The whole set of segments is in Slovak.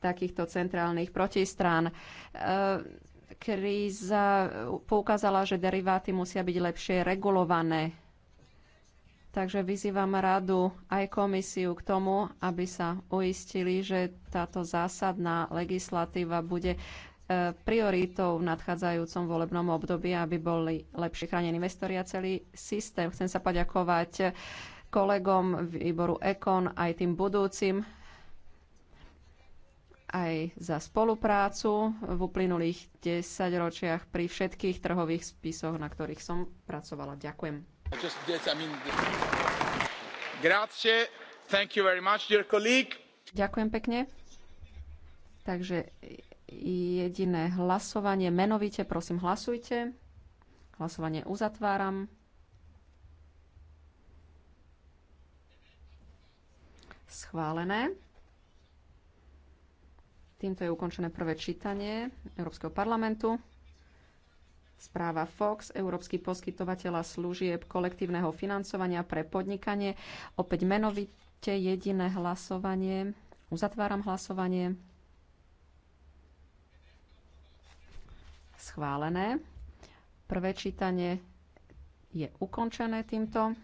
takýchto centrálnych protistrán. E, kríza poukázala, že deriváty musia byť lepšie regulované. Takže vyzývam radu aj komisiu k tomu, aby sa uistili, že táto zásadná legislatíva bude e, prioritou v nadchádzajúcom volebnom období, aby boli lepšie chránení investori a celý systém. Chcem sa poďakovať kolegom výboru EKON aj tým budúcim aj za spoluprácu v uplynulých 10 ročiach pri všetkých trhových spisoch, na ktorých som pracovala. Ďakujem. Much, Ďakujem pekne. Takže jediné hlasovanie menovite, prosím hlasujte. Hlasovanie uzatváram. Schválené. Týmto je ukončené prvé čítanie Európskeho parlamentu. Správa Fox, Európsky poskytovateľa služieb kolektívneho financovania pre podnikanie. Opäť menovite jediné hlasovanie. Uzatváram hlasovanie. Schválené. Prvé čítanie je ukončené týmto.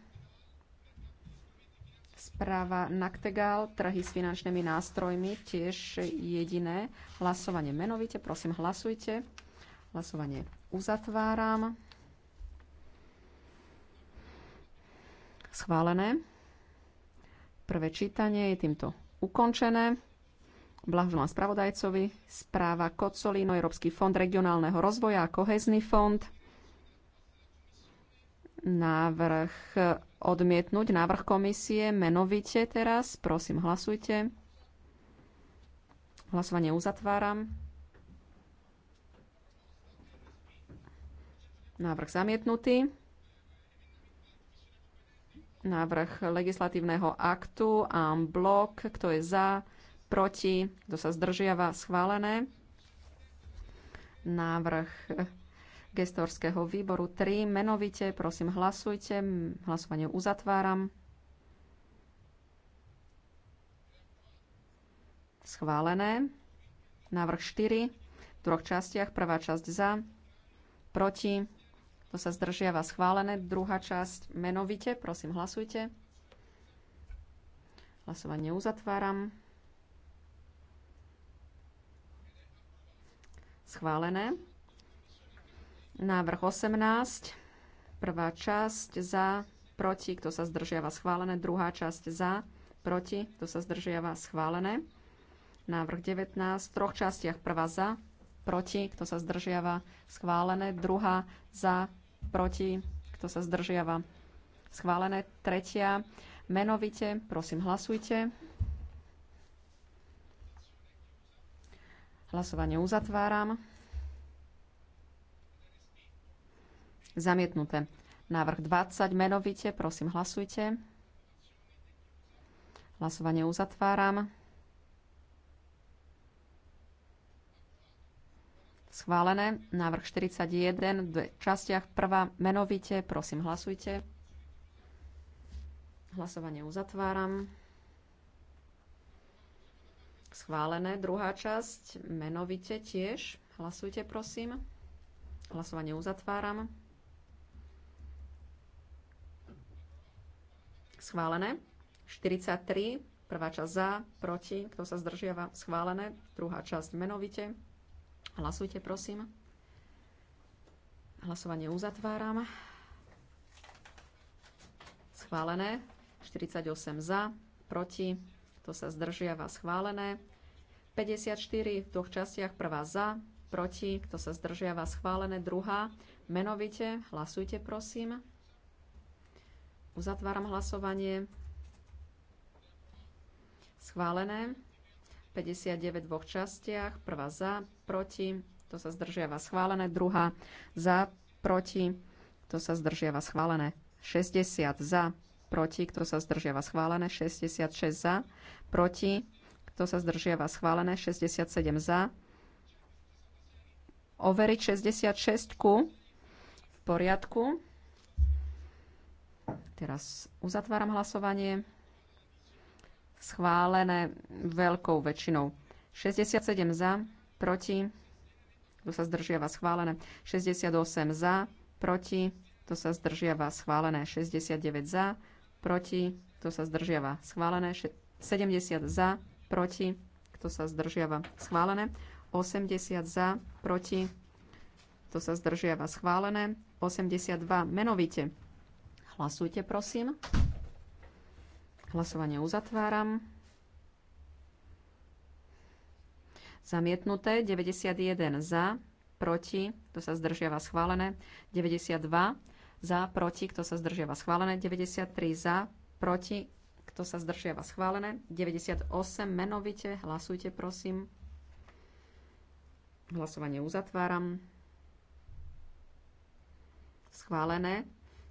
Správa Naktegal, trhy s finančnými nástrojmi, tiež jediné. Hlasovanie menovite, prosím hlasujte. Hlasovanie uzatváram. Schválené. Prvé čítanie je týmto ukončené. Blahoželám spravodajcovi. Správa Kocolino, Európsky fond regionálneho rozvoja a kohezný fond návrh e, odmietnúť, návrh komisie menovite teraz. Prosím, hlasujte. Hlasovanie uzatváram. Návrh zamietnutý. Návrh legislatívneho aktu a blok, kto je za, proti, kto sa zdržiava, schválené. Návrh gestorského výboru 3. Menovite, prosím, hlasujte. Hlasovanie uzatváram. Schválené. Návrh 4. V troch častiach. Prvá časť za, proti. To sa zdržiava schválené. Druhá časť menovite. Prosím, hlasujte. Hlasovanie uzatváram. Schválené. Návrh 18, prvá časť za, proti, kto sa zdržiava schválené, druhá časť za, proti, kto sa zdržiava schválené. Návrh 19, v troch častiach prvá za, proti, kto sa zdržiava schválené, druhá za, proti, kto sa zdržiava schválené, tretia menovite, prosím hlasujte. Hlasovanie uzatváram. Zamietnuté. Návrh 20 menovite. Prosím, hlasujte. Hlasovanie uzatváram. Schválené. Návrh 41 v častiach. Prvá menovite. Prosím, hlasujte. Hlasovanie uzatváram. Schválené. Druhá časť. Menovite tiež. Hlasujte, prosím. Hlasovanie uzatváram. schválené. 43, prvá časť za, proti, kto sa zdržiava, schválené. Druhá časť menovite. Hlasujte, prosím. Hlasovanie uzatváram. Schválené. 48 za, proti, kto sa zdržiava, schválené. 54 v dvoch častiach, prvá za, proti, kto sa zdržiava, schválené, druhá. Menovite, hlasujte prosím. Uzatváram hlasovanie. Schválené. 59 v dvoch častiach. Prvá za, proti. To sa zdržiava schválené. Druhá za, proti. To sa zdržiava schválené. 60 za, proti. Kto sa zdržiava schválené. 66 za, proti. Kto sa zdržiava schválené. 67 za. Overiť 66 ku. V poriadku. Teraz uzatváram hlasovanie. Schválené veľkou väčšinou. 67 za, proti, kto sa zdržiava schválené. 68 za, proti, kto sa zdržiava schválené. 69 za, proti, kto sa zdržiava schválené. 70 za, proti, kto sa zdržiava schválené. 80 za, proti, kto sa zdržiava schválené. 82 menovite. Hlasujte, prosím. Hlasovanie uzatváram. Zamietnuté 91 za, proti, kto sa zdržiava schválené, 92 za, proti, kto sa zdržiava schválené, 93 za, proti, kto sa zdržiava schválené, 98 menovite, hlasujte prosím. Hlasovanie uzatváram. Schválené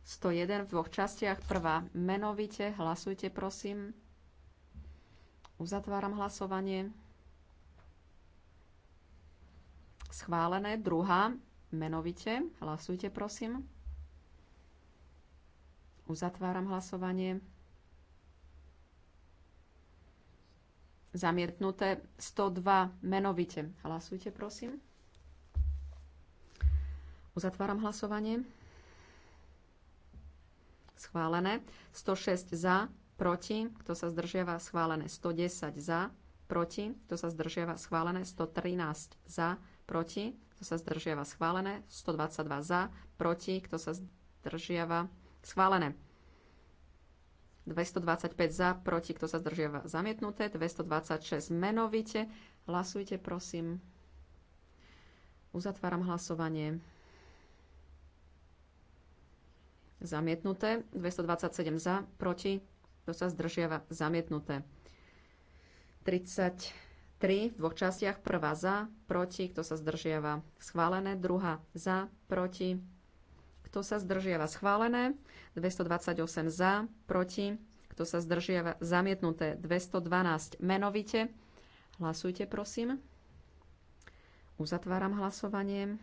101 v dvoch častiach. Prvá menovite. Hlasujte, prosím. Uzatváram hlasovanie. Schválené. Druhá menovite. Hlasujte, prosím. Uzatváram hlasovanie. Zamietnuté 102 menovite. Hlasujte, prosím. Uzatváram hlasovanie schválené. 106 za, proti, kto sa zdržiava, schválené. 110 za, proti, kto sa zdržiava, schválené. 113 za, proti, kto sa zdržiava, schválené. 122 za, proti, kto sa zdržiava, schválené. 225 za, proti, kto sa zdržiava, zamietnuté. 226 menovite. Hlasujte, prosím. Uzatváram hlasovanie zamietnuté. 227 za, proti, kto sa zdržiava, zamietnuté. 33 v dvoch častiach, prvá za, proti, kto sa zdržiava, schválené, druhá za, proti, kto sa zdržiava, schválené, 228 za, proti, kto sa zdržiava, zamietnuté, 212 menovite. Hlasujte, prosím. Uzatváram hlasovanie.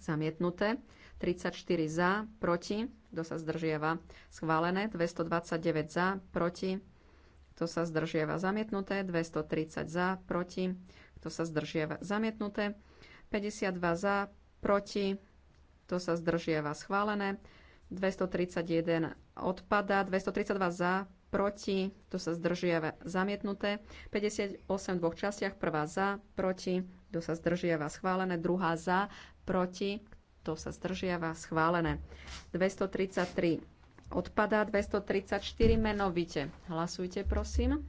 zamietnuté. 34 za, proti, kto sa zdržiava, schválené. 229 za, proti, kto sa zdržiava, zamietnuté. 230 za, proti, kto sa zdržieva, zamietnuté. 52 za, proti, kto sa zdržieva, schválené. 231 odpada, 232 za, proti, kto sa zdržiava, zamietnuté. 58 v dvoch častiach, prvá za, proti, kto sa zdržiava schválené, druhá za, proti, kto sa zdržiava schválené. 233 odpadá, 234 menovite. Hlasujte, prosím.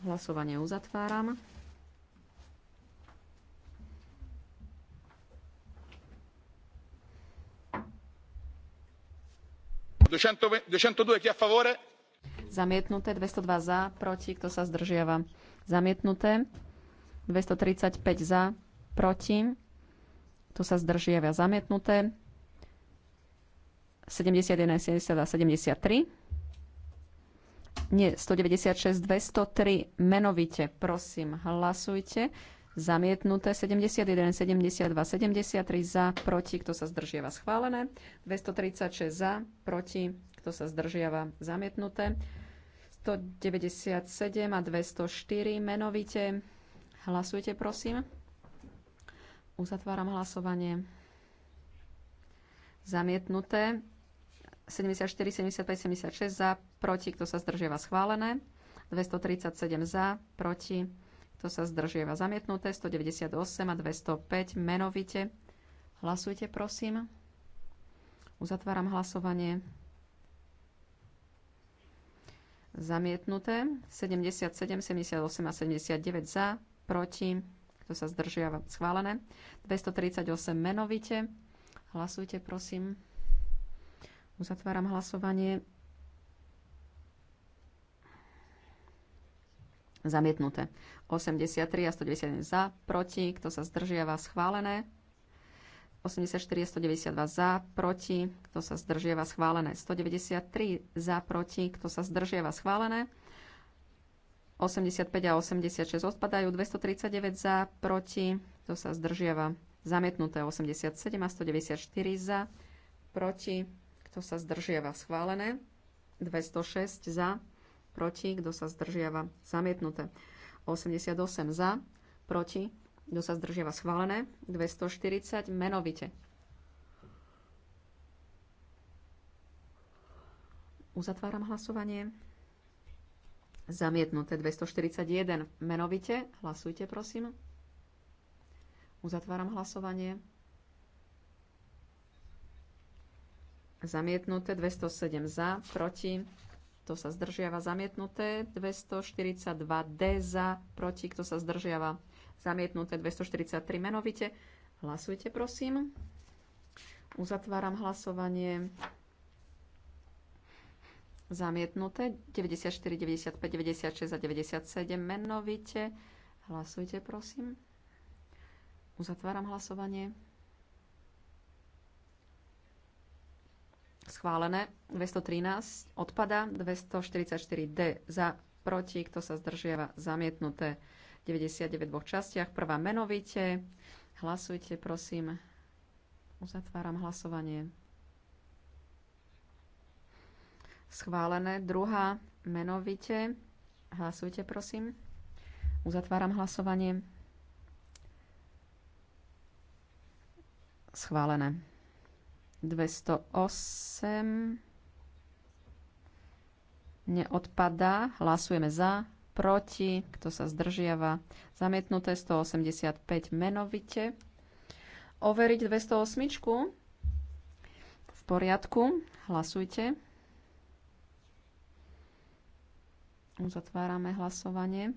Hlasovanie uzatváram. Zamietnuté, 202 za, proti, kto sa zdržiava. Zamietnuté. 235 za, proti. Tu sa zdržiava zamietnuté. 71, 70 a 73. Nie, 196, 203. Menovite, prosím, hlasujte. Zamietnuté 71, 72, 73 za, proti, kto sa zdržiava schválené. 236 za, proti, kto sa zdržiava zamietnuté. 197 a 204 menovite. Hlasujte, prosím. Uzatváram hlasovanie. Zamietnuté. 74, 75, 76 za, proti, kto sa zdržieva schválené. 237 za, proti, kto sa zdržiava zamietnuté. 198 a 205 menovite. Hlasujte, prosím. Uzatváram hlasovanie. Zamietnuté. 77, 78 a 79 za, proti, kto sa zdržiava, schválené. 238 menovite. Hlasujte, prosím. Uzatváram hlasovanie. Zamietnuté. 83 a 191 za, proti, kto sa zdržiava, schválené. 84 a 192 za, proti, kto sa zdržiava, schválené. 193 za, proti, kto sa zdržiava, schválené. 85 a 86 odpadajú, 239 za, proti, to sa zdržiava, zamietnuté 87 a 194 za, proti, kto sa zdržiava, schválené, 206 za, proti, kto sa zdržiava, zamietnuté, 88 za, proti, kto sa zdržiava, schválené, 240 menovite. Uzatváram hlasovanie. Zamietnuté 241. Menovite. Hlasujte, prosím. Uzatváram hlasovanie. Zamietnuté 207 za, proti. Kto sa zdržiava? Zamietnuté 242D za, proti. Kto sa zdržiava? Zamietnuté 243 menovite. Hlasujte, prosím. Uzatváram hlasovanie zamietnuté. 94, 95, 96 a 97 menovite. Hlasujte, prosím. Uzatváram hlasovanie. Schválené. 213 odpada. 244D za, proti. Kto sa zdržiava? Zamietnuté. 99 v dvoch častiach. Prvá menovite. Hlasujte, prosím. Uzatváram hlasovanie. Schválené. Druhá menovite. Hlasujte, prosím. Uzatváram hlasovanie. Schválené. 208 neodpadá. Hlasujeme za, proti, kto sa zdržiava. Zamietnuté 185 menovite. Overiť 208. V poriadku. Hlasujte. Uzatvárame hlasovanie.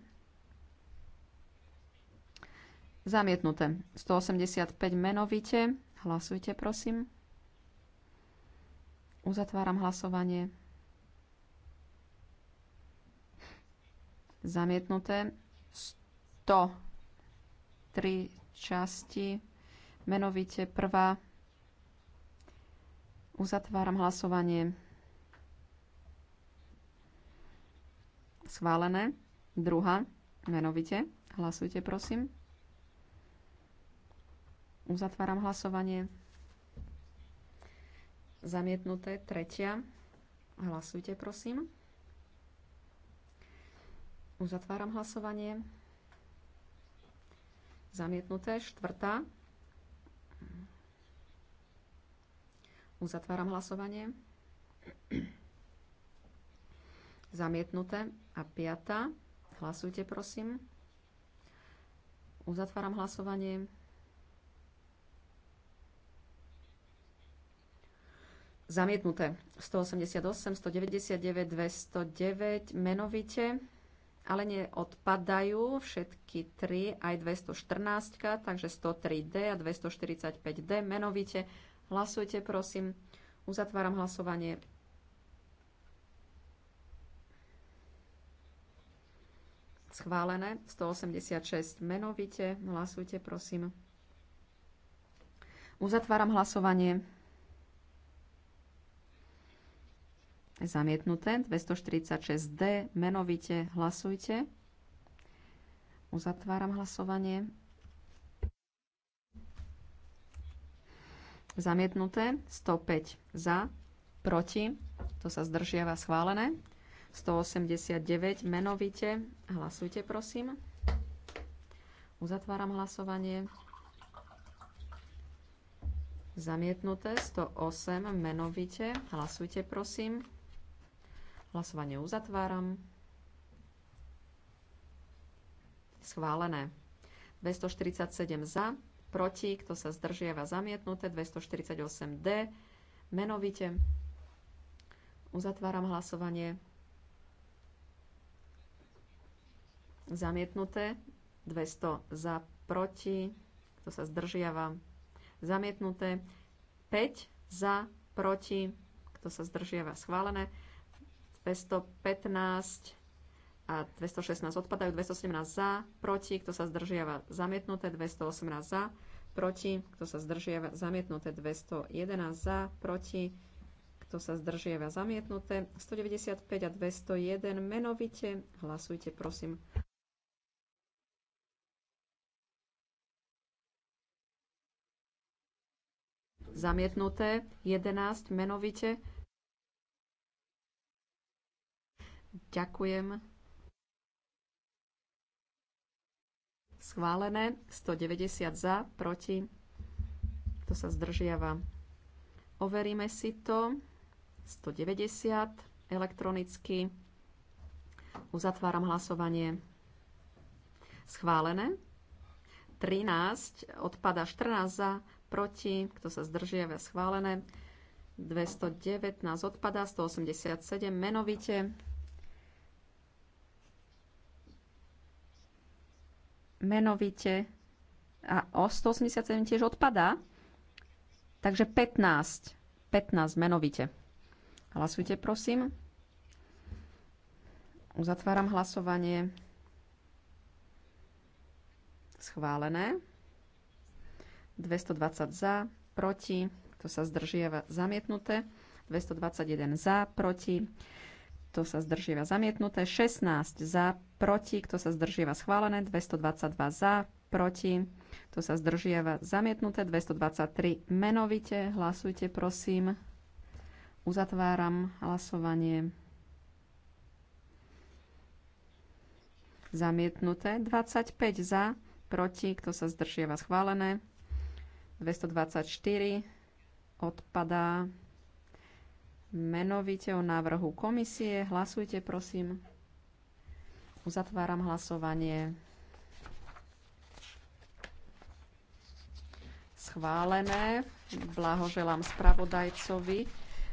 Zamietnuté. 185 menovite. Hlasujte, prosím. Uzatváram hlasovanie. Zamietnuté. 103 časti. Menovite prvá. Uzatváram hlasovanie. Schválené. Druhá. Menovite. Hlasujte, prosím. Uzatváram hlasovanie. Zamietnuté. Tretia. Hlasujte, prosím. Uzatváram hlasovanie. Zamietnuté. Štvrtá. Uzatváram hlasovanie. Zamietnuté. A piata. Hlasujte, prosím. Uzatváram hlasovanie. Zamietnuté. 188, 199, 209 menovite, ale neodpadajú všetky 3, aj 214, takže 103D a 245D menovite. Hlasujte, prosím. Uzatváram hlasovanie. Schválené 186 menovite. Hlasujte, prosím. Uzatváram hlasovanie. Zamietnuté 246D. Menovite hlasujte. Uzatváram hlasovanie. Zamietnuté 105 za, proti, to sa zdržiava schválené. 189 menovite. Hlasujte, prosím. Uzatváram hlasovanie. Zamietnuté 108 menovite. Hlasujte, prosím. Hlasovanie uzatváram. Schválené. 247 za, proti, kto sa zdržiava zamietnuté, 248D, menovite. Uzatváram hlasovanie. Zamietnuté. 200 za, proti. Kto sa zdržiava? Zamietnuté. 5 za, proti. Kto sa zdržiava? Schválené. 215 a 216 odpadajú, 217 za, proti, kto sa zdržiava zamietnuté, 218 za, proti, kto sa zdržiava zamietnuté, 211 za, proti, kto sa zdržiava zamietnuté, 195 a 201 menovite. Hlasujte prosím. zamietnuté, 11 menovite. Ďakujem. Schválené, 190 za, proti, to sa zdržiava. Overíme si to, 190 elektronicky. Uzatváram hlasovanie. Schválené. 13, odpada 14 za, proti, kto sa zdržiava, schválené. 219 odpadá, 187 menovite. Menovite. A o 187 tiež odpadá. Takže 15. 15 menovite. Hlasujte, prosím. Uzatváram hlasovanie. Schválené. 220 za, proti, to sa zdržiava zamietnuté, 221 za, proti, to sa zdržiava zamietnuté, 16 za, proti, kto sa zdržiava schválené, 222 za, proti, to sa zdržiava zamietnuté, 223 menovite, hlasujte prosím. Uzatváram hlasovanie. Zamietnuté, 25 za, proti, kto sa zdržieva schválené, 224 odpadá menovite o návrhu komisie. Hlasujte, prosím. Uzatváram hlasovanie. Schválené. Blahoželám spravodajcovi.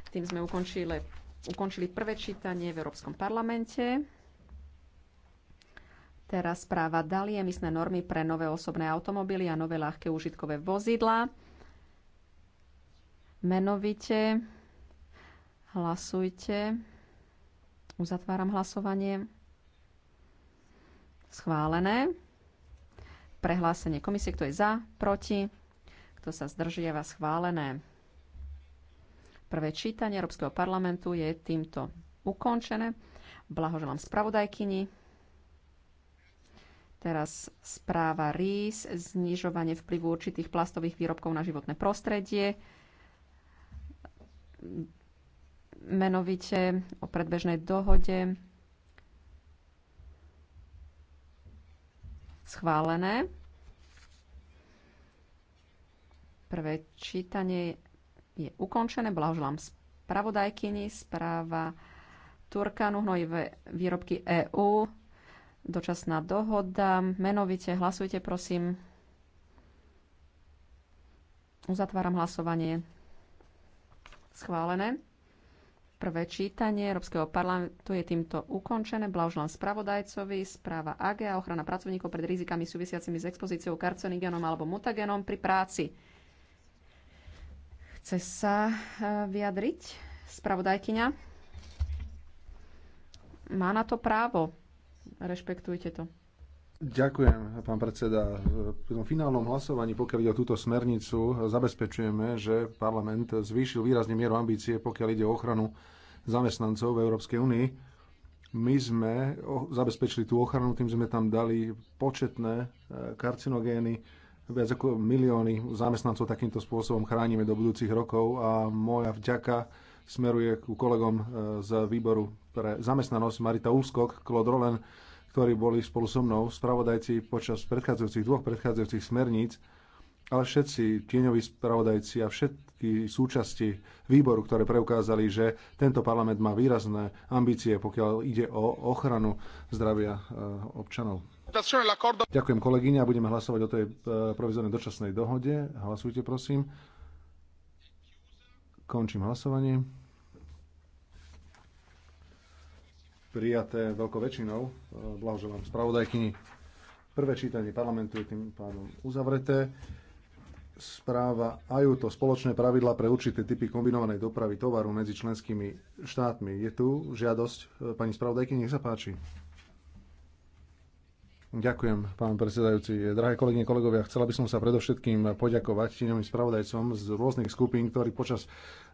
Tým sme ukončili, ukončili prvé čítanie v Európskom parlamente. Teraz správa Dali emisné normy pre nové osobné automobily a nové ľahké užitkové vozidla. Menovite hlasujte. Uzatváram hlasovanie. Schválené. Prehlásenie komisie, kto je za, proti, kto sa zdržiava, schválené. Prvé čítanie Európskeho parlamentu je týmto ukončené. Blahoželám spravodajkyni. Teraz správa RIS, znižovanie vplyvu určitých plastových výrobkov na životné prostredie. Menovite o predbežnej dohode schválené. Prvé čítanie je ukončené. Blahoželám spravodajkyni. Správa Turkanu hnojivé výrobky EÚ dočasná dohoda. Menovite hlasujte, prosím. Uzatváram hlasovanie. Schválené. Prvé čítanie Európskeho parlamentu je týmto ukončené. Blahoželám spravodajcovi. Správa AG a ochrana pracovníkov pred rizikami súvisiacimi s expozíciou karcinogenom alebo mutagenom pri práci. Chce sa e, vyjadriť spravodajkyňa? Má na to právo. Rešpektujte to. Ďakujem, pán predseda. V tom finálnom hlasovaní, pokiaľ ide o túto smernicu, zabezpečujeme, že parlament zvýšil výrazne mieru ambície, pokiaľ ide o ochranu zamestnancov v Európskej únii. My sme zabezpečili tú ochranu, tým sme tam dali početné e, karcinogény, viac ako milióny zamestnancov takýmto spôsobom chránime do budúcich rokov a moja vďaka smeruje ku kolegom e, z výboru pre zamestnanosť Marita Úskok, Claude Rolen, ktorí boli spolu so mnou spravodajci počas predchádzajúcich dvoch predchádzajúcich smerníc, ale všetci tieňoví spravodajci a všetky súčasti výboru, ktoré preukázali, že tento parlament má výrazné ambície, pokiaľ ide o ochranu zdravia e, občanov. Ďakujem kolegyne a budeme hlasovať o tej e, provizornej dočasnej dohode. Hlasujte prosím. Končím hlasovanie. Prijaté veľkou väčšinou. Blahoželám spravodajkyni. Prvé čítanie parlamentu je tým pádom uzavreté. Správa AJU to spoločné pravidla pre určité typy kombinovanej dopravy tovaru medzi členskými štátmi. Je tu žiadosť pani spravodajky, nech sa páči. Ďakujem, pán predsedajúci. Drahé kolegyne, kolegovia, chcela by som sa predovšetkým poďakovať tieňovým spravodajcom z rôznych skupín, ktorí počas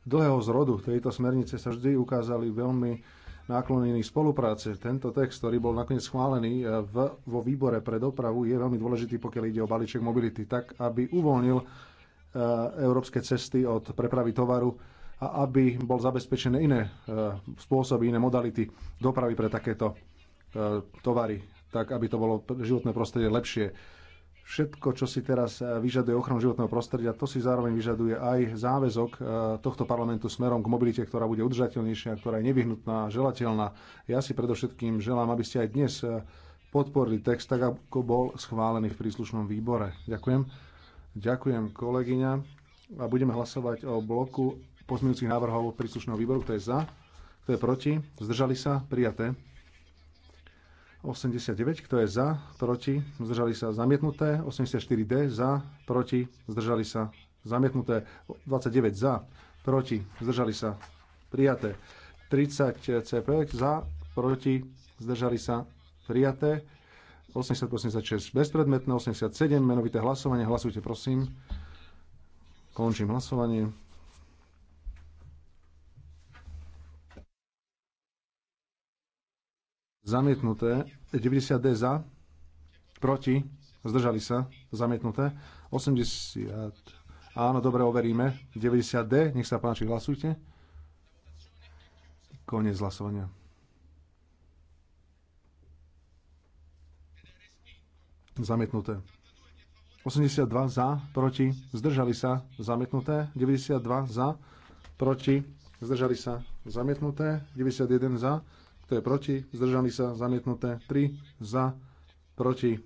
dlhého zrodu tejto smernice sa vždy ukázali veľmi náklonení spolupráce. Tento text, ktorý bol nakoniec schválený e, v, vo výbore pre dopravu, je veľmi dôležitý, pokiaľ ide o balíček mobility, tak aby uvoľnil e, európske cesty od prepravy tovaru a aby bol zabezpečené iné e, spôsoby, iné modality dopravy pre takéto tovary tak aby to bolo životné prostredie lepšie. Všetko, čo si teraz vyžaduje ochranu životného prostredia, to si zároveň vyžaduje aj záväzok eh, tohto parlamentu smerom k mobilite, ktorá bude udržateľnejšia, ktorá je nevyhnutná, želateľná. Ja si predovšetkým želám, aby ste aj dnes eh, podporili text tak, ako bol schválený v príslušnom výbore. Ďakujem. Ďakujem, kolegyňa. A budeme hlasovať o bloku pozmeňujúcich návrhov príslušného výboru, kto je za, kto je proti, zdržali sa, prijaté. 89, kto je za, proti, zdržali sa zamietnuté. 84D za, proti, zdržali sa zamietnuté. 29 za, proti, zdržali sa prijaté. 30 CP za, proti, zdržali sa prijaté. 86 bezpredmetné, 87 menovité hlasovanie. Hlasujte prosím. Končím hlasovanie. Zamietnuté. 90D za. Proti. Zdržali sa. Zamietnuté. 80. Áno, dobre, overíme. 90D. Nech sa páči, hlasujte. Koniec hlasovania. Zamietnuté. 82 za, proti, zdržali sa, zamietnuté. 92 za, proti, zdržali sa, zamietnuté. 91 za, kto je proti? Zdržali sa. Zamietnuté. 3 za. Proti.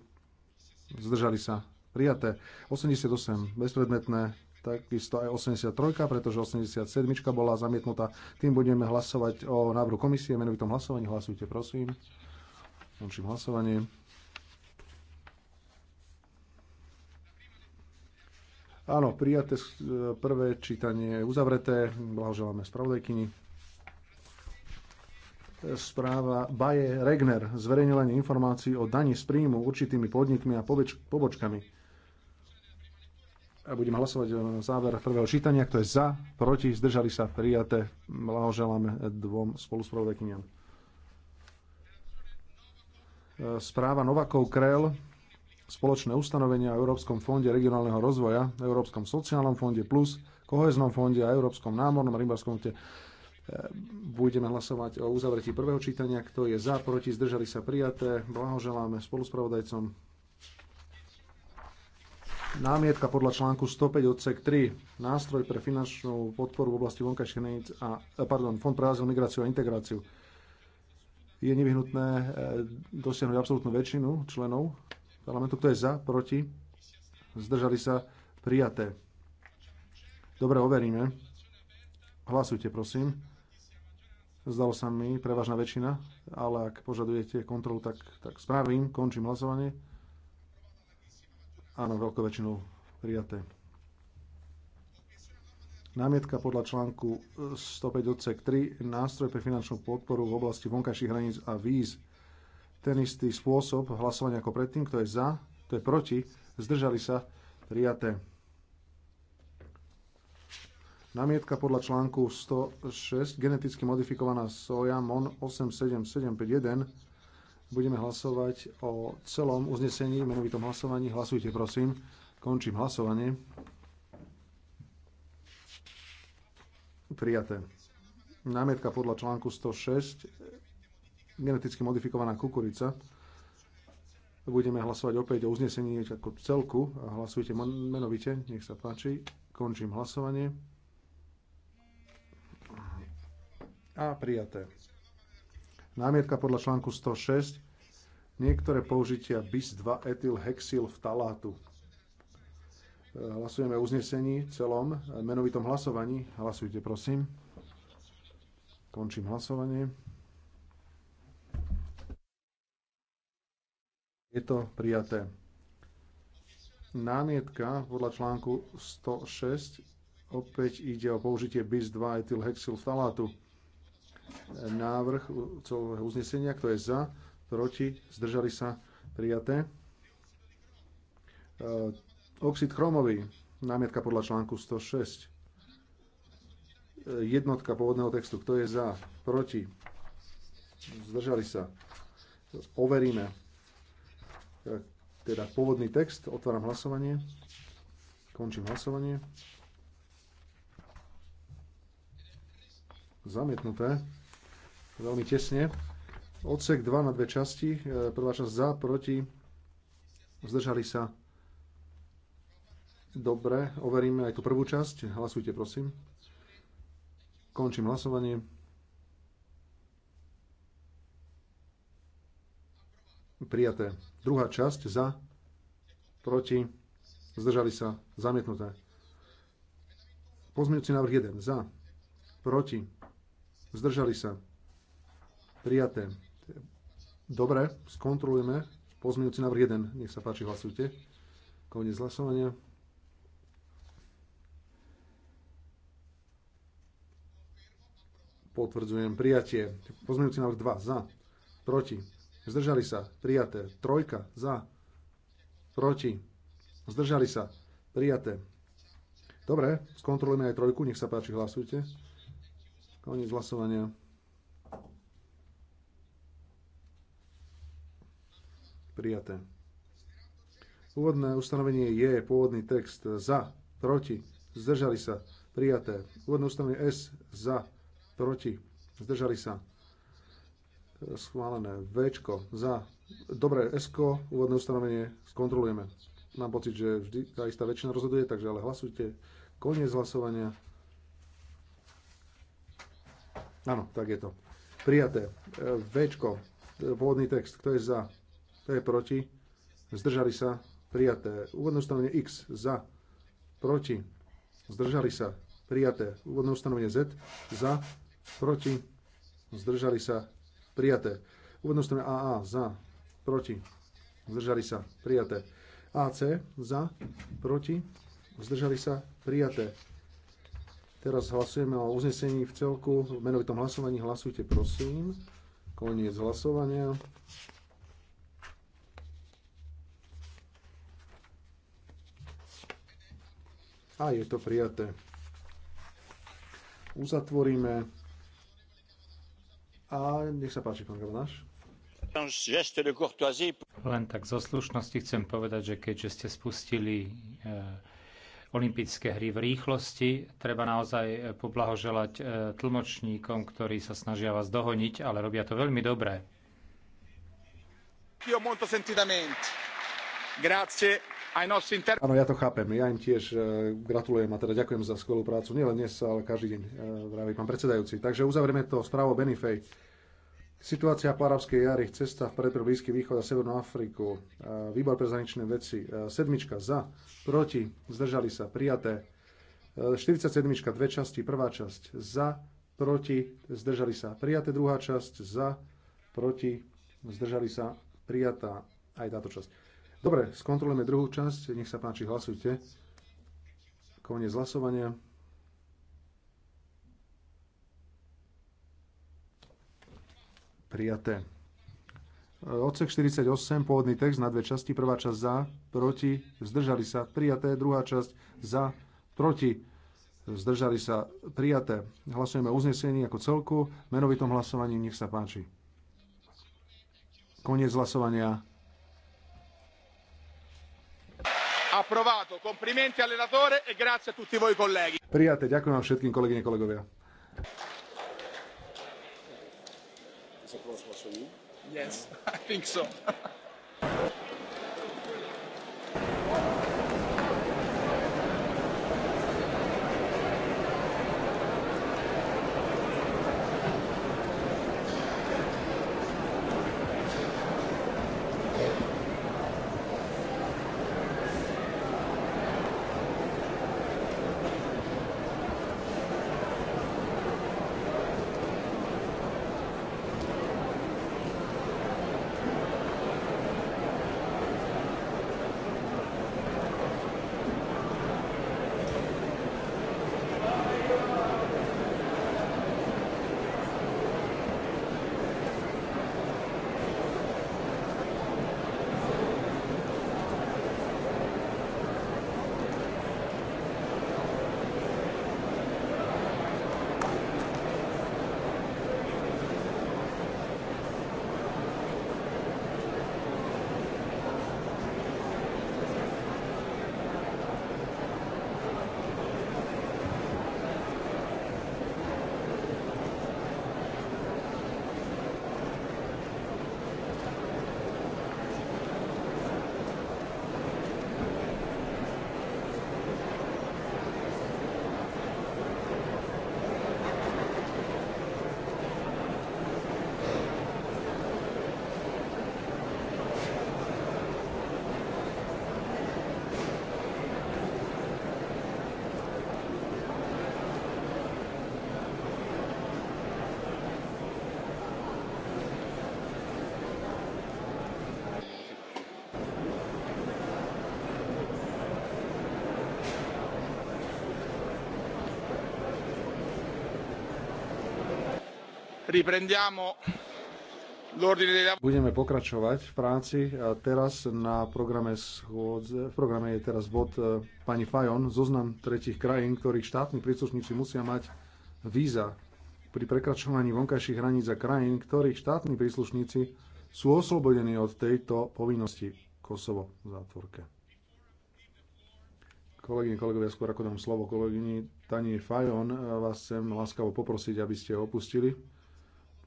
Zdržali sa. Prijaté. 88. Bezpredmetné. Takisto aj 83, pretože 87 bola zamietnutá. Tým budeme hlasovať o návrhu komisie. Menovitom hlasovaní hlasujte, prosím. Končím hlasovanie. Áno, prijaté e, prvé čítanie je uzavreté. Blahoželáme spravodajkyni správa Baje Regner, zverejňovanie informácií o daní z príjmu určitými podnikmi a pobočkami. A budem hlasovať na záver prvého čítania, kto je za, proti, zdržali sa, prijaté. Blahoželáme dvom spoluspravodajkyniam. Správa Novakov Krel, spoločné ustanovenia o Európskom fonde regionálneho rozvoja, Európskom sociálnom fonde plus, koheznom fonde a Európskom námornom rybárskom fonde Budeme hlasovať o uzavretí prvého čítania. Kto je za, proti, zdržali sa prijaté. Blahoželáme spoluspravodajcom. Námietka podľa článku 105 odsek 3. Nástroj pre finančnú podporu v oblasti vonkajších a, eh, pardon, Fond pre azyl, migráciu a integráciu. Je nevyhnutné eh, dosiahnuť absolútnu väčšinu členov parlamentu. Kto je za, proti, zdržali sa prijaté. Dobre, overíme. Hlasujte, prosím. Zdalo sa mi prevažná väčšina, ale ak požadujete kontrolu, tak, tak spravím. Končím hlasovanie. Áno, veľkou väčšinou prijaté. Námietka podľa článku 105 odsek 3 nástroj pre finančnú podporu v oblasti vonkajších hraníc a víz. Ten istý spôsob hlasovania ako predtým, kto je za, kto je proti, zdržali sa, prijaté. Namietka podľa článku 106 geneticky modifikovaná soja MON 87751. Budeme hlasovať o celom uznesení, menovitom hlasovaní. Hlasujte prosím. Končím hlasovanie. Prijaté. Námietka podľa článku 106 geneticky modifikovaná kukurica. Budeme hlasovať opäť o uznesení ako celku. Hlasujte menovite, nech sa páči. Končím hlasovanie. A prijaté. Námietka podľa článku 106. Niektoré použitia bis 2 etyl hexyl talátu. E, hlasujeme o uznesení celom, e, menovitom hlasovaní. Hlasujte, prosím. Končím hlasovanie. Je to prijaté. Námietka podľa článku 106 opäť ide o použitie bis 2 v talátu návrh celého uznesenia, kto je za, proti, zdržali sa, prijaté. E, Oxid chromový, námietka podľa článku 106. E, jednotka pôvodného textu, kto je za, proti, zdržali sa. Overíme. E, teda pôvodný text, otváram hlasovanie, končím hlasovanie. Zamietnuté veľmi tesne. Odsek 2 na dve časti. E, prvá časť za, proti. Zdržali sa. Dobre, overíme aj tú prvú časť. Hlasujte, prosím. Končím hlasovanie. Prijaté. Druhá časť za, proti, zdržali sa, zamietnuté. Pozmeňujúci návrh 1. Za, proti, zdržali sa, Prijaté. Dobre, skontrolujeme. Pozmeňujúci návrh 1. Nech sa páči, hlasujte. Koniec hlasovania. Potvrdzujem prijatie. Pozmeňujúci návrh 2. Za. Proti. Zdržali sa. Prijaté. Trojka. Za. Proti. Zdržali sa. Prijaté. Dobre, skontrolujeme aj trojku. Nech sa páči, hlasujte. Koniec hlasovania. Prijaté. Úvodné ustanovenie je pôvodný text za, proti, zdržali sa, prijaté. Úvodné ustanovenie S za, proti, zdržali sa, schválené. V za, dobre, S, úvodné ustanovenie, skontrolujeme. Mám pocit, že vždy tá istá väčšina rozhoduje, takže ale hlasujte. Koniec hlasovania. Áno, tak je to. Prijaté. E, v, pôvodný text, kto je za, kto je proti? Zdržali sa. Prijaté. Úvodné ustanovenie X. Za. Proti. Zdržali sa. Prijaté. Úvodné ustanovenie Z. Za. Proti. Zdržali sa. Prijaté. Úvodné ustanovenie AA. Za. Proti. Zdržali sa. Prijaté. AC. Za. Proti. Zdržali sa. Prijaté. Teraz hlasujeme o uznesení v celku. V menovitom hlasovaní hlasujte, prosím. Koniec hlasovania. a je to prijaté. Uzatvoríme a nech sa páči, pán Gavnáš. Len tak zo slušnosti chcem povedať, že keďže ste spustili e, olympijské hry v rýchlosti. Treba naozaj e, poblahoželať e, tlmočníkom, ktorí sa snažia vás dohoniť, ale robia to veľmi dobre. Grazie. Áno, ja to chápem. Ja im tiež e, gratulujem a teda ďakujem za skvelú prácu. Nielen dnes, ale každý deň, e, vraví pán predsedajúci. Takže uzavrieme to správo Benifej. Situácia po arabskej jari, cesta v pre Blízky východ a Severnú Afriku, e, výbor pre zahraničné veci, sedmička za, proti, zdržali sa, prijaté. 47. dve časti, prvá časť za, proti, zdržali sa, prijaté druhá časť za, proti, zdržali sa, prijatá aj táto časť. Dobre, skontrolujeme druhú časť. Nech sa páči, hlasujte. Koniec hlasovania. Prijaté. Odsek 48, pôvodný text na dve časti. Prvá časť za, proti, zdržali sa, prijaté. Druhá časť za, proti, zdržali sa, prijaté. Hlasujeme uznesení ako celku. Menovitom hlasovaní nech sa páči. Koniec hlasovania. Approvato. Complimenti allenatore e grazie a tutti voi colleghi. Priate, ďakujem vám všetkým kolegyne kolegovia. Yes, I think so. Budeme pokračovať v práci. A teraz na programe schôdze, v programe je teraz bod e, pani Fajon, zoznam tretich krajín, ktorých štátni príslušníci musia mať víza pri prekračovaní vonkajších hraníc a krajín, ktorých štátni príslušníci sú oslobodení od tejto povinnosti. Kosovo v zátvorke. Kolegyne, kolegovia, skôr ako dám slovo kolegyni Tani Fajon, e, vás chcem láskavo poprosiť, aby ste opustili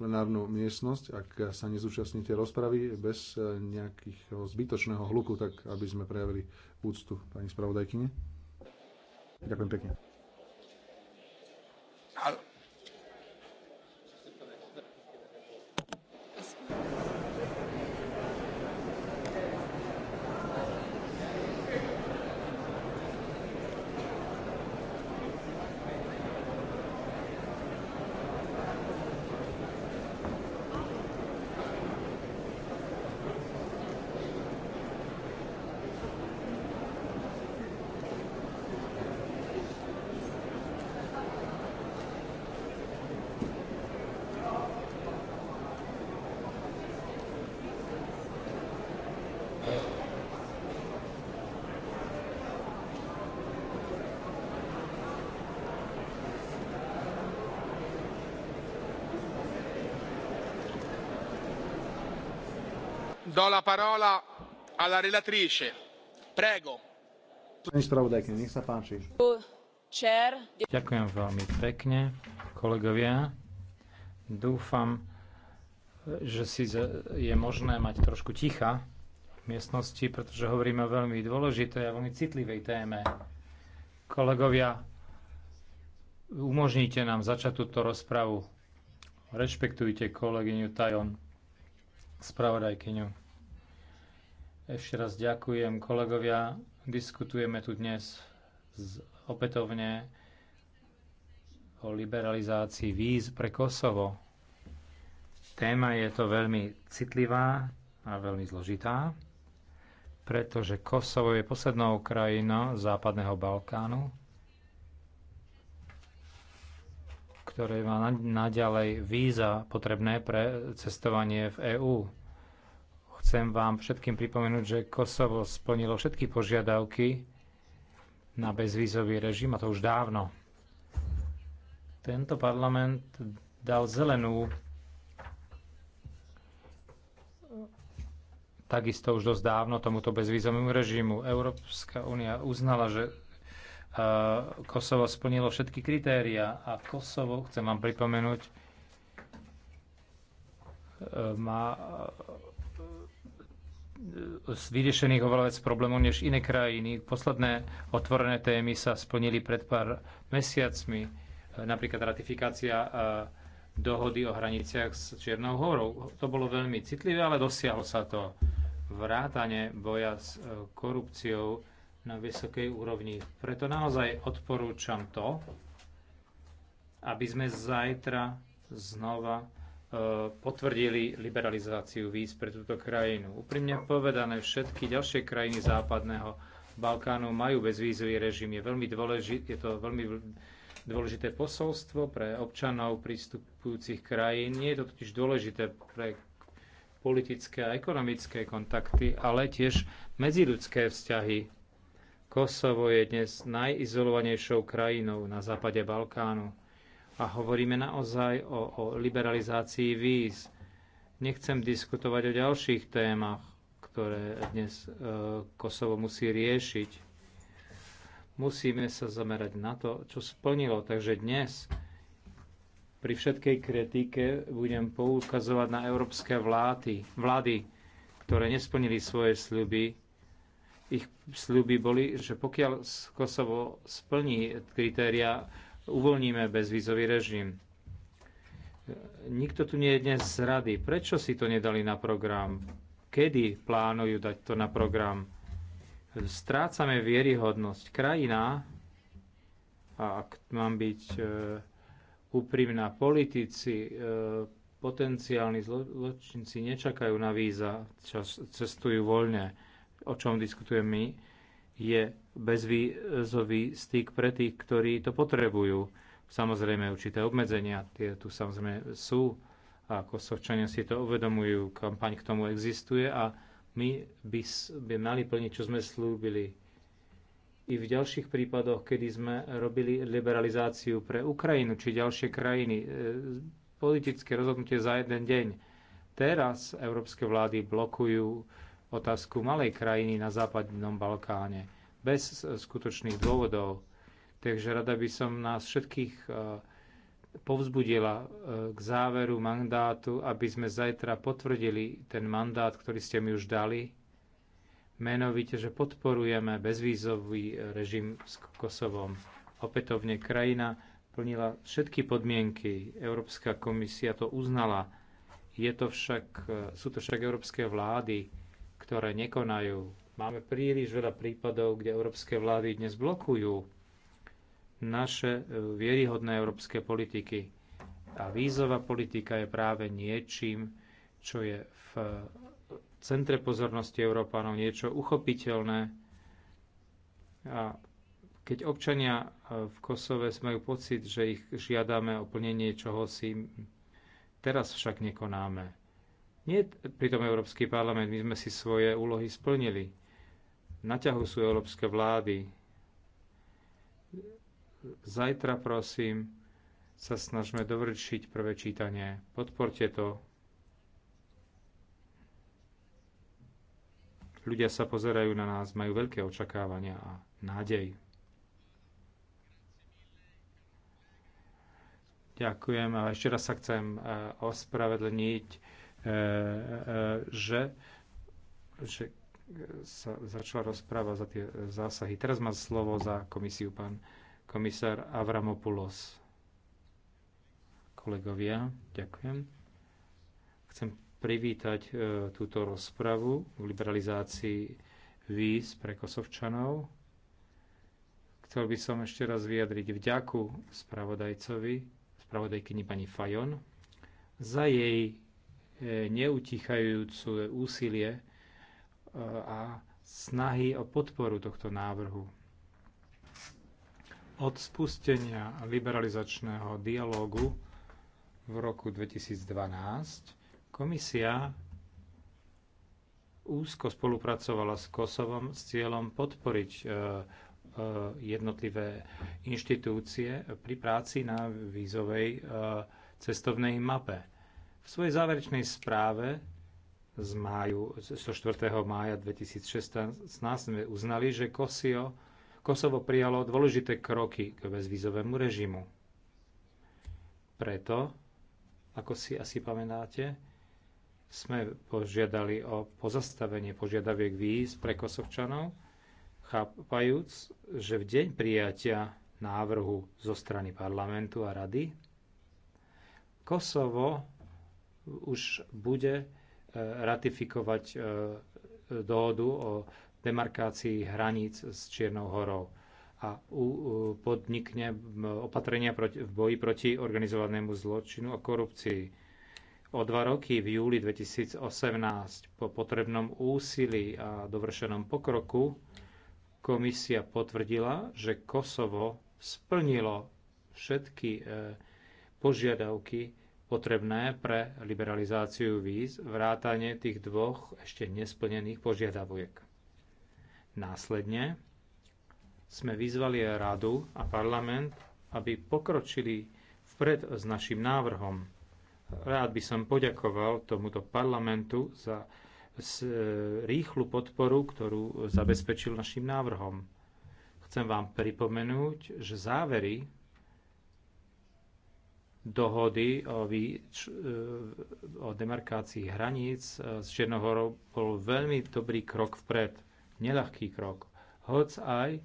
plenárnu miestnosť, ak sa nezúčastníte rozpravy bez eh, nejakého zbytočného hluku, tak aby sme prejavili úctu pani spravodajkyne. Ďakujem pekne. Ďakujem veľmi pekne, kolegovia. Dúfam, že si je možné mať trošku ticha v miestnosti, pretože hovoríme o veľmi dôležitej a veľmi citlivej téme. Kolegovia, umožnite nám začať túto rozpravu. Rešpektujte kolegyňu Tajon spravodajkyňu. Ešte raz ďakujem kolegovia. Diskutujeme tu dnes opätovne o liberalizácii víz pre Kosovo. Téma je to veľmi citlivá a veľmi zložitá, pretože Kosovo je poslednou krajinou Západného Balkánu, ktoré má naďalej víza potrebné pre cestovanie v EÚ. Chcem vám všetkým pripomenúť, že Kosovo splnilo všetky požiadavky na bezvízový režim, a to už dávno. Tento parlament dal zelenú takisto už dosť dávno tomuto bezvízovému režimu. Európska únia uznala, že Kosovo splnilo všetky kritéria a Kosovo, chcem vám pripomenúť, má e, z vyriešených oveľa vec problémov než iné krajiny. Posledné otvorené témy sa splnili pred pár mesiacmi, e, napríklad ratifikácia e, dohody o hraniciach s Čiernou horou. To bolo veľmi citlivé, ale dosiahlo sa to vrátane boja s korupciou na vysokej úrovni. Preto naozaj odporúčam to, aby sme zajtra znova e, potvrdili liberalizáciu víz pre túto krajinu. Úprimne povedané, všetky ďalšie krajiny západného Balkánu majú bezvízový režim. Je, veľmi dôležité, je to veľmi dôležité posolstvo pre občanov pristupujúcich krajín. Nie je to totiž dôležité pre politické a ekonomické kontakty, ale tiež medziľudské vzťahy Kosovo je dnes najizolovanejšou krajinou na západe Balkánu a hovoríme naozaj o, o liberalizácii víz. Nechcem diskutovať o ďalších témach, ktoré dnes e, Kosovo musí riešiť. Musíme sa zamerať na to, čo splnilo. Takže dnes pri všetkej kritike budem poukazovať na európske vlády, vlády ktoré nesplnili svoje sľuby ich sľuby boli, že pokiaľ Kosovo splní kritéria, uvoľníme bezvízový režim. Nikto tu nie je dnes z rady. Prečo si to nedali na program? Kedy plánujú dať to na program? Strácame vieryhodnosť. Krajina, a ak mám byť e, úprimná, politici, e, potenciálni zločinci nečakajú na víza, cestujú voľne o čom diskutujeme my, je bezvízový styk pre tých, ktorí to potrebujú. Samozrejme, určité obmedzenia tie tu samozrejme sú. A ako Sovčania si to uvedomujú, kampaň k tomu existuje a my by, by mali plniť, čo sme slúbili. I v ďalších prípadoch, kedy sme robili liberalizáciu pre Ukrajinu či ďalšie krajiny, e, politické rozhodnutie za jeden deň. Teraz európske vlády blokujú otázku malej krajiny na západnom Balkáne bez e, skutočných dôvodov. Takže rada by som nás všetkých e, povzbudila e, k záveru mandátu, aby sme zajtra potvrdili ten mandát, ktorý ste mi už dali, menovite, že podporujeme bezvízový režim s Kosovom. Opätovne krajina plnila všetky podmienky. Európska komisia to uznala. Je to však, sú to však európske vlády, ktoré nekonajú. Máme príliš veľa prípadov, kde európske vlády dnes blokujú naše e, vieryhodné európske politiky. A vízová politika je práve niečím, čo je v centre pozornosti Európanov, niečo uchopiteľné. A keď občania e, v Kosove majú pocit, že ich žiadame o plnenie čohosi, teraz však nekonáme. Nie pritom Európsky parlament, my sme si svoje úlohy splnili. Na ťahu sú európske vlády. Zajtra, prosím, sa snažme dovršiť prvé čítanie. Podporte to. Ľudia sa pozerajú na nás, majú veľké očakávania a nádej. Ďakujem a ešte raz sa chcem eh, ospravedlniť E, e, že, že sa začala rozpráva za tie zásahy. Teraz má slovo za komisiu pán komisár Avramopoulos. Kolegovia, ďakujem. Chcem privítať e, túto rozpravu o liberalizácii víz pre kosovčanov. Chcel by som ešte raz vyjadriť vďaku spravodajcovi, spravodajkyni pani Fajon, za jej neutichajúce úsilie e, a snahy o podporu tohto návrhu. Od spustenia liberalizačného dialógu v roku 2012 komisia úzko spolupracovala s Kosovom s cieľom podporiť e, e, jednotlivé inštitúcie pri práci na vízovej cestovnej mape. V svojej záverečnej správe z máju, zo 4. mája 2016 sme uznali, že Kosio, Kosovo prijalo dôležité kroky k bezvízovému režimu. Preto, ako si asi pamätáte, sme požiadali o pozastavenie požiadaviek víz pre Kosovčanov, chápajúc, že v deň prijatia návrhu zo strany parlamentu a rady Kosovo už bude e, ratifikovať e, dohodu o demarkácii hraníc s Čiernou horou a podnikne opatrenia v boji proti organizovanému zločinu a korupcii. O dva roky v júli 2018 po potrebnom úsilí a dovršenom pokroku komisia potvrdila, že Kosovo splnilo všetky e, požiadavky potrebné pre liberalizáciu víz, vrátane tých dvoch ešte nesplnených požiadaviek. Následne sme vyzvali Radu a parlament, aby pokročili vpred s našim návrhom. Rád by som poďakoval tomuto parlamentu za e, rýchlu podporu, ktorú zabezpečil našim návrhom. Chcem vám pripomenúť, že závery dohody o, výč, e, o demarkácii hraníc s e, Černohorou bol veľmi dobrý krok vpred. Neľahký krok. Hoc aj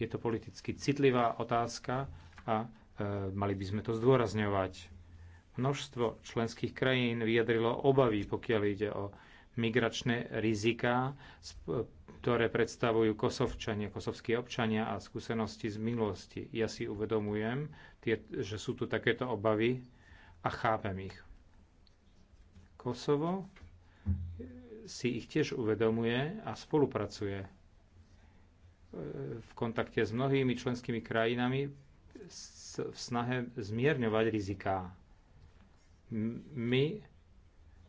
je to politicky citlivá otázka a e, mali by sme to zdôrazňovať. Množstvo členských krajín vyjadrilo obavy, pokiaľ ide o migračné riziká ktoré predstavujú kosovčania, kosovskí občania a skúsenosti z minulosti. Ja si uvedomujem, tie, že sú tu takéto obavy a chápem ich. Kosovo si ich tiež uvedomuje a spolupracuje e, v kontakte s mnohými členskými krajinami v snahe zmierňovať riziká. My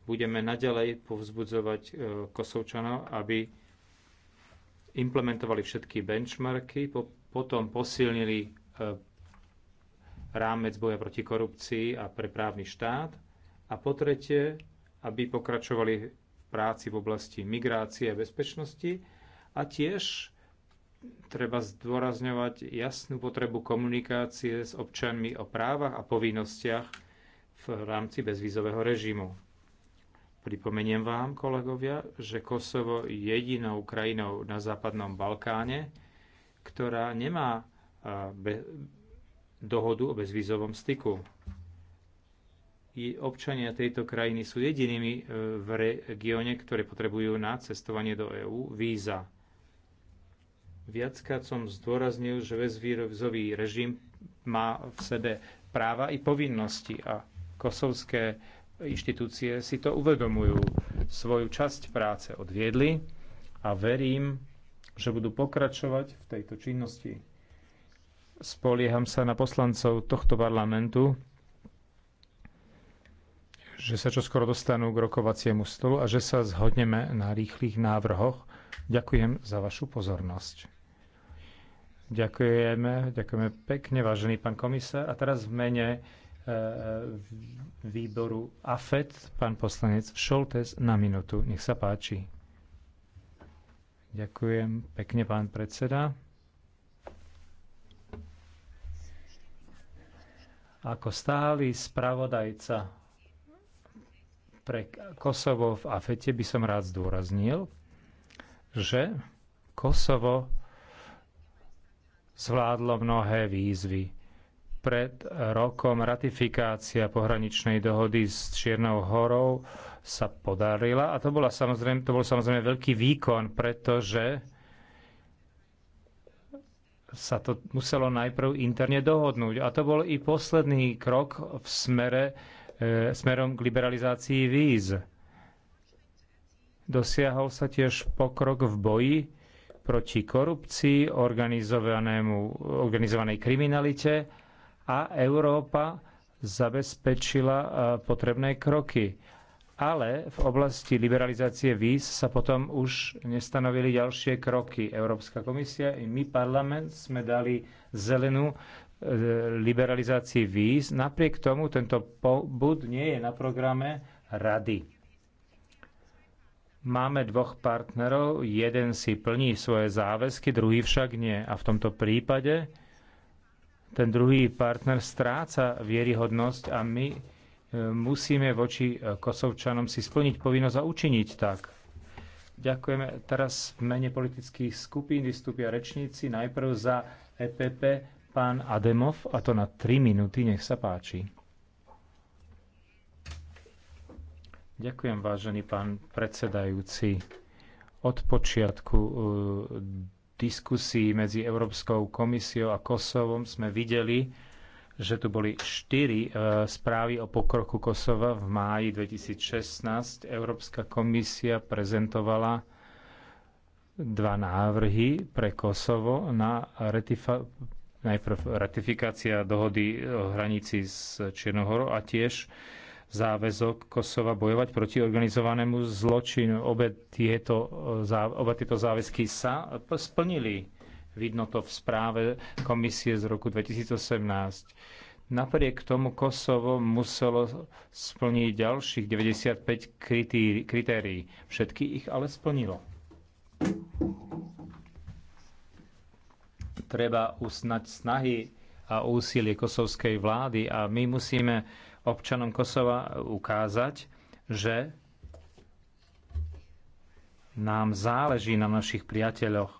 budeme naďalej povzbudzovať e, Kosovčanov, aby implementovali všetky benchmarky, po, potom posilnili e, rámec boja proti korupcii a pre právny štát a po tretie, aby pokračovali v práci v oblasti migrácie a bezpečnosti a tiež treba zdôrazňovať jasnú potrebu komunikácie s občanmi o právach a povinnostiach v rámci bezvízového režimu. Pripomeniem vám, kolegovia, že Kosovo je jedinou krajinou na západnom Balkáne, ktorá nemá dohodu o bezvízovom styku. I občania tejto krajiny sú jedinými e, v regióne, ktoré potrebujú na cestovanie do EÚ víza. Viackrát som zdôraznil, že bezvírovzový režim má v sebe práva i povinnosti a kosovské inštitúcie si to uvedomujú, svoju časť práce odviedli a verím, že budú pokračovať v tejto činnosti. Spolieham sa na poslancov tohto parlamentu, že sa čoskoro dostanú k rokovaciemu stolu a že sa zhodneme na rýchlych návrhoch. Ďakujem za vašu pozornosť. Ďakujeme, ďakujeme pekne, vážený pán komisár. A teraz v mene Eh, výboru AFET, pán poslanec Šoltes, na minútu. Nech sa páči. Ďakujem pekne, pán predseda. Ako stály spravodajca pre Kosovo v AFETE by som rád zdôraznil, že Kosovo zvládlo mnohé výzvy pred rokom ratifikácia pohraničnej dohody s Čiernou horou sa podarila a to, bola samozrejme, to bol samozrejme veľký výkon, pretože sa to muselo najprv interne dohodnúť. A to bol i posledný krok v smere, e, smerom k liberalizácii víz. Dosiahol sa tiež pokrok v boji proti korupcii, organizovanému, organizovanej kriminalite a Európa zabezpečila e, potrebné kroky. Ale v oblasti liberalizácie víz sa potom už nestanovili ďalšie kroky. Európska komisia i my, parlament, sme dali zelenú e, liberalizácii víz. Napriek tomu tento bod nie je na programe rady. Máme dvoch partnerov, jeden si plní svoje záväzky, druhý však nie. A v tomto prípade ten druhý partner stráca vieryhodnosť a my e, musíme voči e, Kosovčanom si splniť povinnosť a učiniť tak. Ďakujeme. Teraz v mene politických skupín vystúpia rečníci. Najprv za EPP pán Ademov, a to na 3 minúty. Nech sa páči. Ďakujem, vážený pán predsedajúci. Od počiatku e, diskusii medzi Európskou komisiou a Kosovom sme videli, že tu boli štyri e, správy o pokroku Kosova v máji 2016. Európska komisia prezentovala dva návrhy pre Kosovo na ratifa- najprv ratifikácia dohody o hranici s Čiernohorou a tiež záväzok Kosova bojovať proti organizovanému zločinu. Obe tieto, oba tieto záväzky sa splnili. Vidno to v správe komisie z roku 2018. Napriek tomu Kosovo muselo splniť ďalších 95 kritérií, kritérií. Všetky ich ale splnilo. Treba usnať snahy a úsilie kosovskej vlády a my musíme občanom Kosova ukázať, že nám záleží na našich priateľoch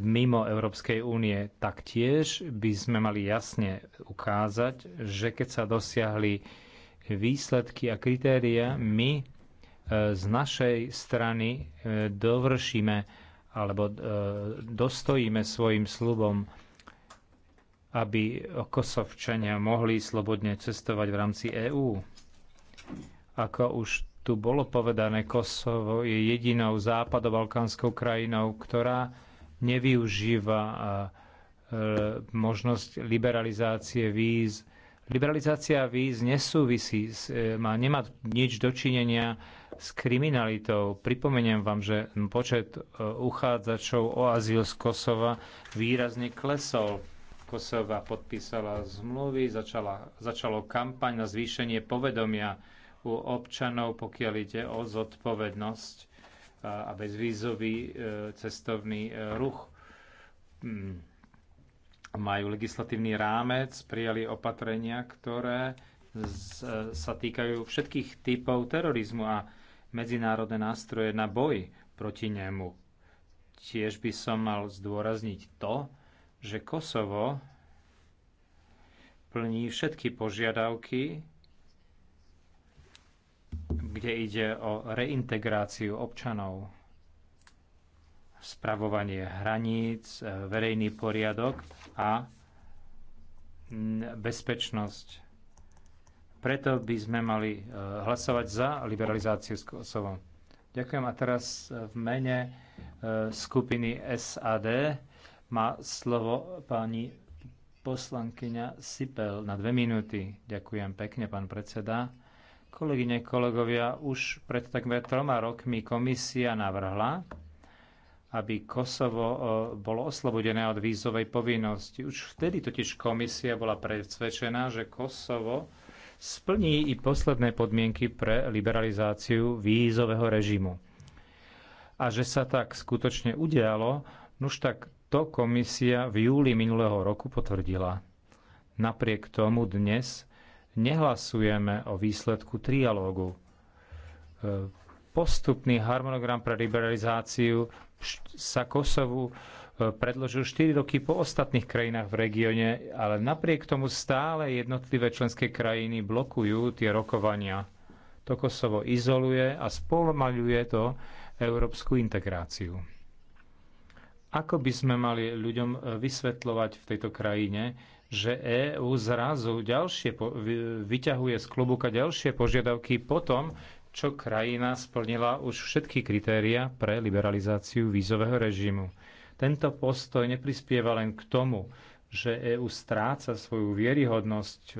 mimo Európskej únie, taktiež by sme mali jasne ukázať, že keď sa dosiahli výsledky a kritéria, my e, z našej strany e, dovršíme alebo e, dostojíme svojim slubom aby kosovčania mohli slobodne cestovať v rámci EÚ. Ako už tu bolo povedané, Kosovo je jedinou západobalkánskou krajinou, ktorá nevyužíva e, možnosť liberalizácie víz. Liberalizácia víz nesúvisí, e, má, nemá nič dočinenia s kriminalitou. Pripomeniem vám, že počet e, uchádzačov o azyl z Kosova výrazne klesol Kosova podpísala zmluvy, začala, začalo kampaň na zvýšenie povedomia u občanov, pokiaľ ide o zodpovednosť e, a bezvízový e, cestovný e, ruch. Hmm. Majú legislatívny rámec, prijali opatrenia, ktoré z, sa týkajú všetkých typov terorizmu a medzinárodné nástroje na boj proti nemu. Tiež by som mal zdôrazniť to, že Kosovo plní všetky požiadavky, kde ide o reintegráciu občanov, spravovanie hraníc, e, verejný poriadok a bezpečnosť. Preto by sme mali e, hlasovať za liberalizáciu s Kosovom. Ďakujem a teraz e, v mene skupiny SAD má slovo pani poslankyňa Sipel na dve minúty. Ďakujem pekne, pán predseda. Kolegyne, kolegovia, už pred takmer troma rokmi komisia navrhla, aby Kosovo e, bolo oslobodené od vízovej povinnosti. Už vtedy totiž komisia bola presvedčená, že Kosovo splní i posledné podmienky pre liberalizáciu vízového režimu. A že sa tak skutočne udialo, už tak to komisia v júli minulého roku potvrdila. Napriek tomu dnes nehlasujeme o výsledku trialógu. E, postupný harmonogram pre liberalizáciu sa Kosovu e, predložil 4 roky po ostatných krajinách v regióne, ale napriek tomu stále jednotlivé členské krajiny blokujú tie rokovania. To Kosovo izoluje a spolomaľuje to európsku integráciu. Ako by sme mali ľuďom e, vysvetľovať v tejto krajine, že EÚ zrazu ďalšie vyťahuje z klobúka ďalšie požiadavky po tom, čo krajina splnila už všetky kritéria pre liberalizáciu vízového režimu. Tento postoj neprispieva len k tomu, že EÚ stráca svoju vieryhodnosť e,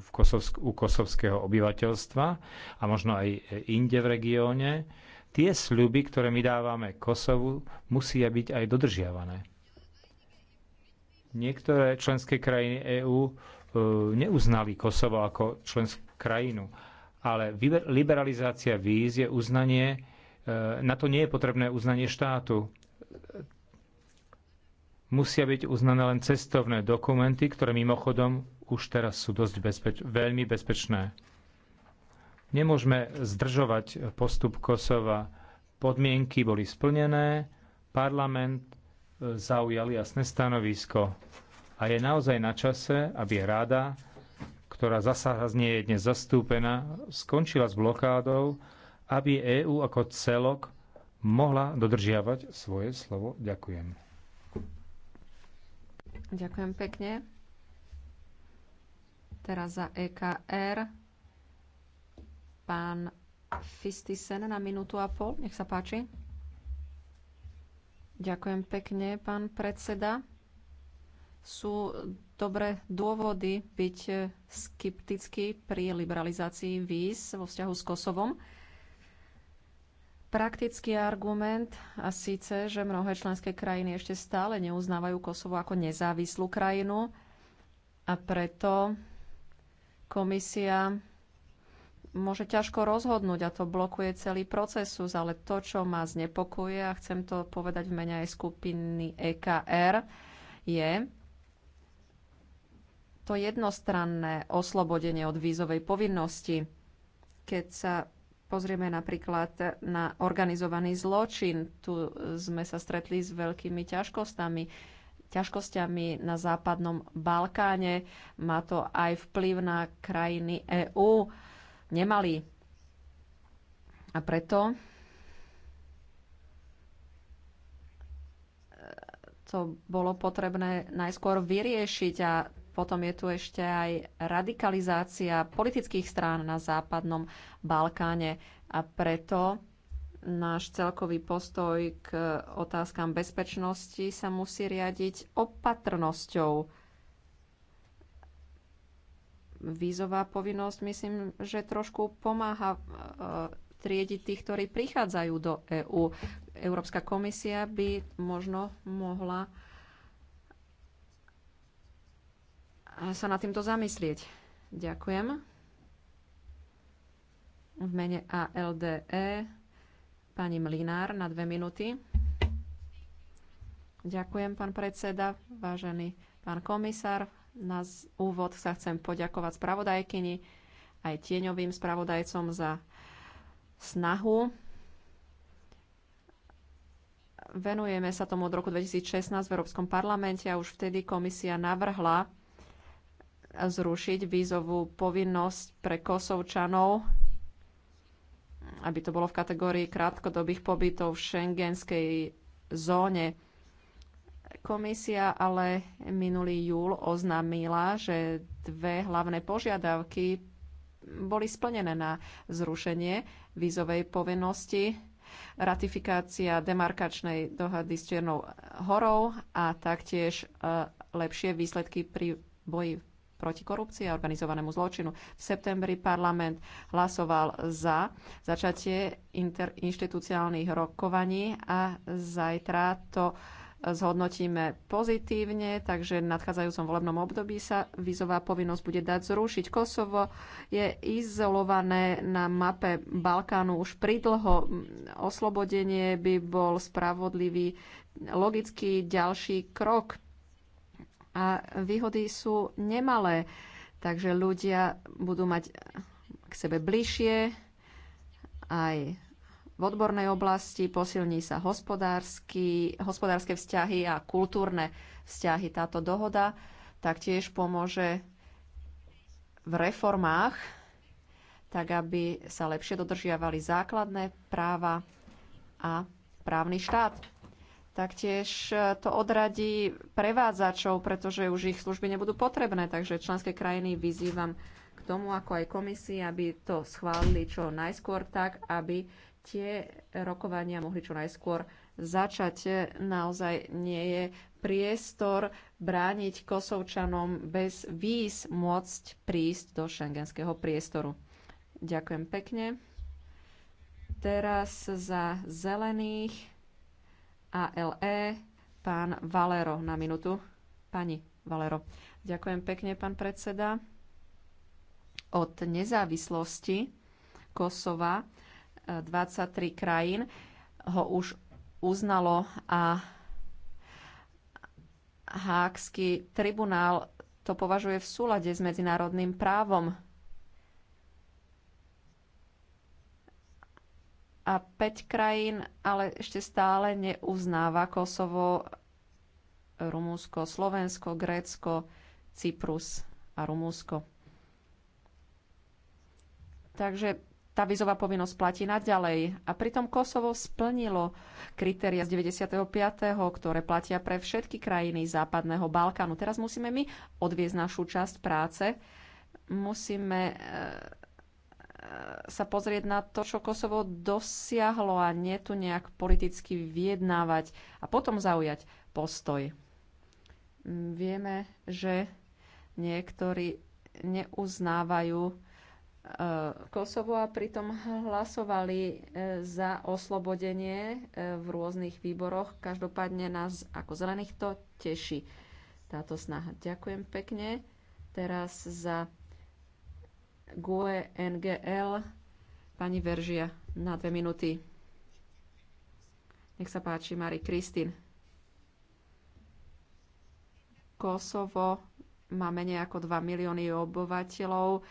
v Kosovsk- u kosovského obyvateľstva a možno aj inde v regióne, Tie sľuby, ktoré my dávame Kosovu, musia byť aj dodržiavané. Niektoré členské krajiny EÚ e, neuznali Kosovo ako členskú krajinu, ale liberalizácia víz je uznanie, e, na to nie je potrebné uznanie štátu musia byť uznané len cestovné dokumenty, ktoré mimochodom už teraz sú dosť bezpeč- veľmi bezpečné. Nemôžeme zdržovať postup Kosova. Podmienky boli splnené, parlament e, zaujal jasné stanovisko a je naozaj na čase, aby rada, ktorá zasa nie je dnes zastúpená, skončila s blokádou, aby EÚ ako celok mohla dodržiavať svoje slovo. Ďakujem. Ďakujem pekne. Teraz za EKR pán Fistisen na minútu a pol. Nech sa páči. Ďakujem pekne, pán predseda. Sú dobré dôvody byť skeptický pri liberalizácii víz vo vzťahu s Kosovom. Praktický argument a síce, že mnohé členské krajiny ešte stále neuznávajú Kosovo ako nezávislú krajinu a preto komisia môže ťažko rozhodnúť a to blokuje celý procesus, ale to, čo ma znepokuje, a chcem to povedať v mene aj skupiny EKR, je to jednostranné oslobodenie od vízovej povinnosti. Keď sa pozrieme napríklad na organizovaný zločin, tu sme sa stretli s veľkými ťažkostami ťažkosťami na západnom Balkáne. Má to aj vplyv na krajiny EÚ nemali. A preto eh, to bolo potrebné najskôr vyriešiť a potom je tu ešte aj radikalizácia politických strán na západnom Balkáne a preto náš celkový postoj k otázkam bezpečnosti sa musí riadiť opatrnosťou vízová povinnosť, myslím, že trošku pomáha e, triediť tých, ktorí prichádzajú do EÚ. EU. Európska komisia by možno mohla sa nad týmto zamyslieť. Ďakujem. V mene ALDE pani Mlinár na dve minúty. Ďakujem, pán predseda, vážený pán komisár, na úvod sa chcem poďakovať spravodajkyni aj tieňovým spravodajcom za snahu. Venujeme sa tomu od roku 2016 v Európskom parlamente a už vtedy komisia navrhla zrušiť vízovú povinnosť pre Kosovčanov, aby to bolo v kategórii krátkodobých pobytov v šengenskej zóne Komisia ale minulý júl oznámila, že dve hlavné požiadavky boli splnené na zrušenie vízovej povinnosti, ratifikácia demarkačnej dohady s Čiernou horou a taktiež e, lepšie výsledky pri boji proti korupcii a organizovanému zločinu. V septembri parlament hlasoval za začatie interinstitucionálnych rokovaní a zajtra to zhodnotíme pozitívne, takže v nadchádzajúcom volebnom období sa vízová povinnosť bude dať zrušiť. Kosovo je izolované na mape Balkánu už pridlho. Oslobodenie by bol spravodlivý logický ďalší krok. A výhody sú nemalé, takže ľudia budú mať k sebe bližšie aj v odbornej oblasti, posilní sa hospodárske vzťahy a kultúrne vzťahy. Táto dohoda taktiež pomôže v reformách, tak aby sa lepšie dodržiavali základné práva a právny štát. Taktiež e, to odradí prevádzačov, pretože už ich služby nebudú potrebné, takže členské krajiny vyzývam k tomu, ako aj komisii, aby to schválili čo najskôr tak, aby tie rokovania mohli čo najskôr začať. Naozaj nie je priestor brániť Kosovčanom bez víz môcť prísť do šengenského priestoru. Ďakujem pekne. Teraz za zelených ALE pán Valero na minutu. Pani Valero. Ďakujem pekne, pán predseda. Od nezávislosti Kosova 23 krajín ho už uznalo a Hákský tribunál to považuje v súlade s medzinárodným právom. A 5 krajín ale ešte stále neuznáva Kosovo, Rumúnsko, Slovensko, Grécko, Cyprus a Rumúnsko. Takže tá vizová povinnosť platí naďalej. A pritom Kosovo splnilo kritéria z 95., ktoré platia pre všetky krajiny Západného Balkánu. Teraz musíme my odviezť našu časť práce. Musíme e, e, sa pozrieť na to, čo Kosovo dosiahlo a nie tu nejak politicky vyjednávať a potom zaujať postoj. Vieme, že niektorí neuznávajú Eh, Kosovo a pritom hlasovali eh, za oslobodenie eh, v rôznych výboroch. Každopádne nás ako zelených to teší táto snaha. Ďakujem pekne. Teraz za GUE NGL pani Veržia na dve minúty. Nech sa páči, Mari Kristín. Kosovo má menej ako 2 milióny obyvateľov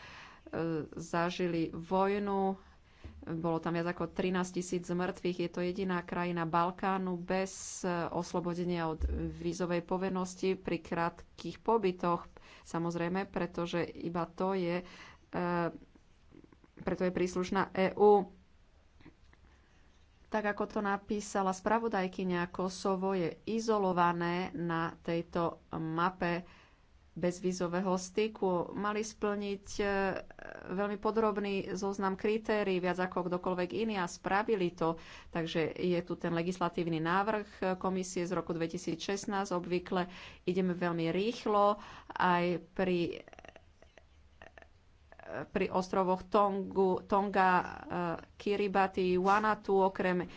zažili vojnu. Bolo tam viac ako 13 tisíc mŕtvych. Je to jediná krajina Balkánu bez eh, oslobodenia od vízovej povinnosti pri krátkých pobytoch. Samozrejme, pretože iba to je, eh, preto je príslušná EÚ tak ako to napísala spravodajkyňa, Kosovo je izolované na tejto mape bezvízového styku. Mali splniť e, veľmi podrobný zoznam kritérií, viac ako kdokoľvek iný a spravili to. Takže je tu ten legislatívny návrh e, komisie z roku 2016. Obvykle ideme veľmi rýchlo aj pri e, pri ostrovoch Tongu, Tonga, Kiribati, Wanatu okrem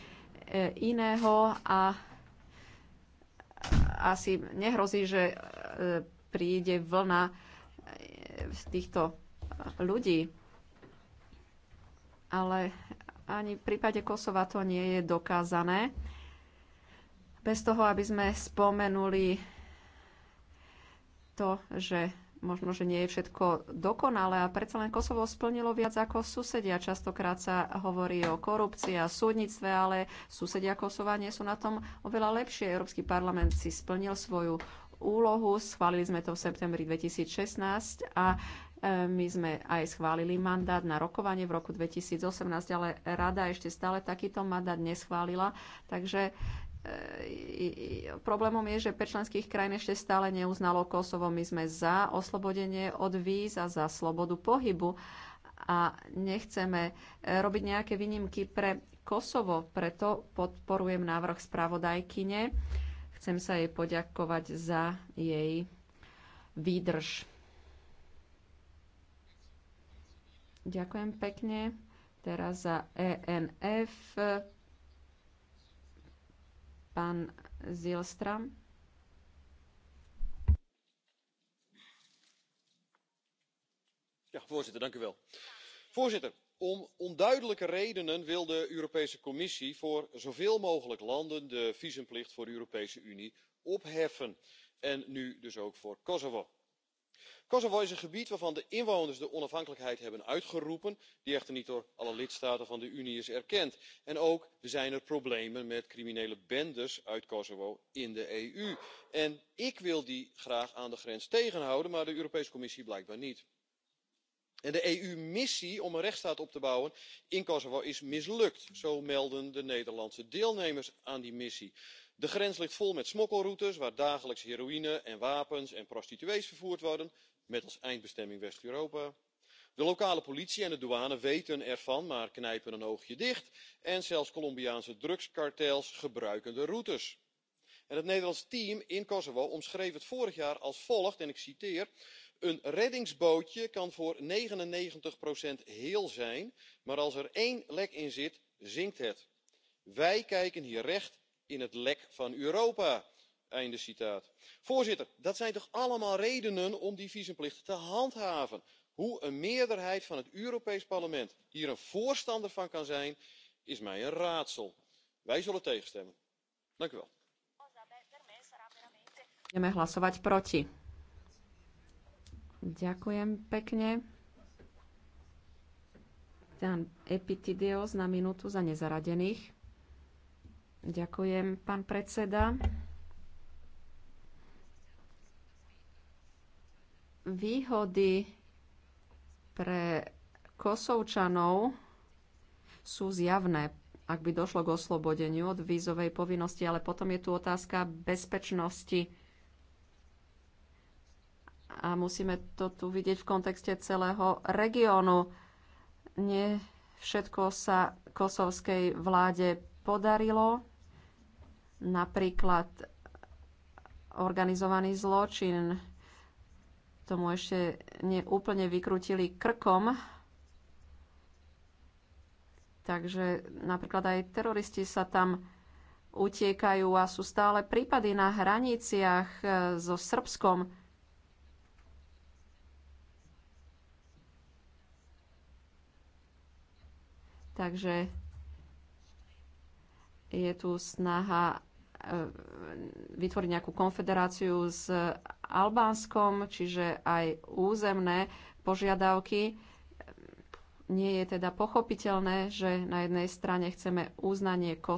iného a asi nehrozí, že príde vlna eh, z týchto eh, ľudí. Ale ani v prípade Kosova to nie je dokázané. Bez toho, aby sme spomenuli to, že možno, že nie je všetko dokonalé a predsa len Kosovo splnilo viac ako susedia. Častokrát sa hovorí o korupcii a súdnictve, ale susedia Kosova nie sú na tom oveľa lepšie. Európsky parlament si splnil svoju úlohu. Schválili sme to v septembri 2016 a e, my sme aj schválili mandát na rokovanie v roku 2018, ale rada ešte stále takýto mandát neschválila. Takže e, problémom je, že 5 členských krajín ešte stále neuznalo Kosovo. My sme za oslobodenie od víz a za slobodu pohybu a nechceme e, robiť nejaké výnimky pre Kosovo. Preto podporujem návrh spravodajkyne Chcem sa jej poďakovať za jej výdrž. Ďakujem pekne. Teraz za ENF pán Zilstram. Ja, voorzitter, dank u wel. Voorzitter, om onduidelijke redenen wil de europese commissie voor zoveel mogelijk landen de visumplicht voor de europese unie opheffen en nu dus ook voor kosovo. kosovo is een gebied waarvan de inwoners de onafhankelijkheid hebben uitgeroepen die echter niet door alle lidstaten van de unie is erkend en ook zijn er problemen met criminele bendes uit kosovo in de eu. ik wil die graag aan de grens tegenhouden maar de europese commissie blijkbaar niet de eu missie om een rechtsstaat op te bouwen in kosovo is mislukt zo melden de nederlandse deelnemers aan die missie. de grens ligt vol met smokkelroutes waar dagelijks heroïne en wapens en prostituees vervoerd worden met als eindbestemming west europa. de lokale politie en de douane weten ervan maar knijpen een oogje dicht en zelfs colombiaanse drugskartels gebruiken de routes. het nederlandse team in kosovo omschreef het vorig jaar als volgt en ik citeer een reddingsbootje kan voor negenennegentig heel zijn maar als er één lek in zit zinkt het. wij kijken hier recht in het lek van europa. voorzitter dat zijn toch allemaal redenen om die visumplicht te handhaven. hoe een meerderheid van het europees parlement hier een voorstander van kan zijn is mij een raadsel. wij zullen tegenstemmen. dank u wel. Ďakujem pekne. Ten Epitidios na minútu za nezaradených. Ďakujem, pán predseda. Výhody pre Kosovčanov sú zjavné, ak by došlo k oslobodeniu od vízovej povinnosti, ale potom je tu otázka bezpečnosti a musíme to tu vidieť v kontexte celého regiónu. Nie všetko sa kosovskej vláde podarilo, napríklad organizovaný zločin. Tomu ešte neúplne vykrutili krkom. Takže napríklad aj teroristi sa tam utiekajú a sú stále prípady na hraniciach e, so Srbskom Takže je tu snaha e, vytvoriť nejakú konfederáciu s Albánskom, čiže aj územné požiadavky. Nie je teda pochopiteľné, že na jednej strane chceme uznanie Kosova,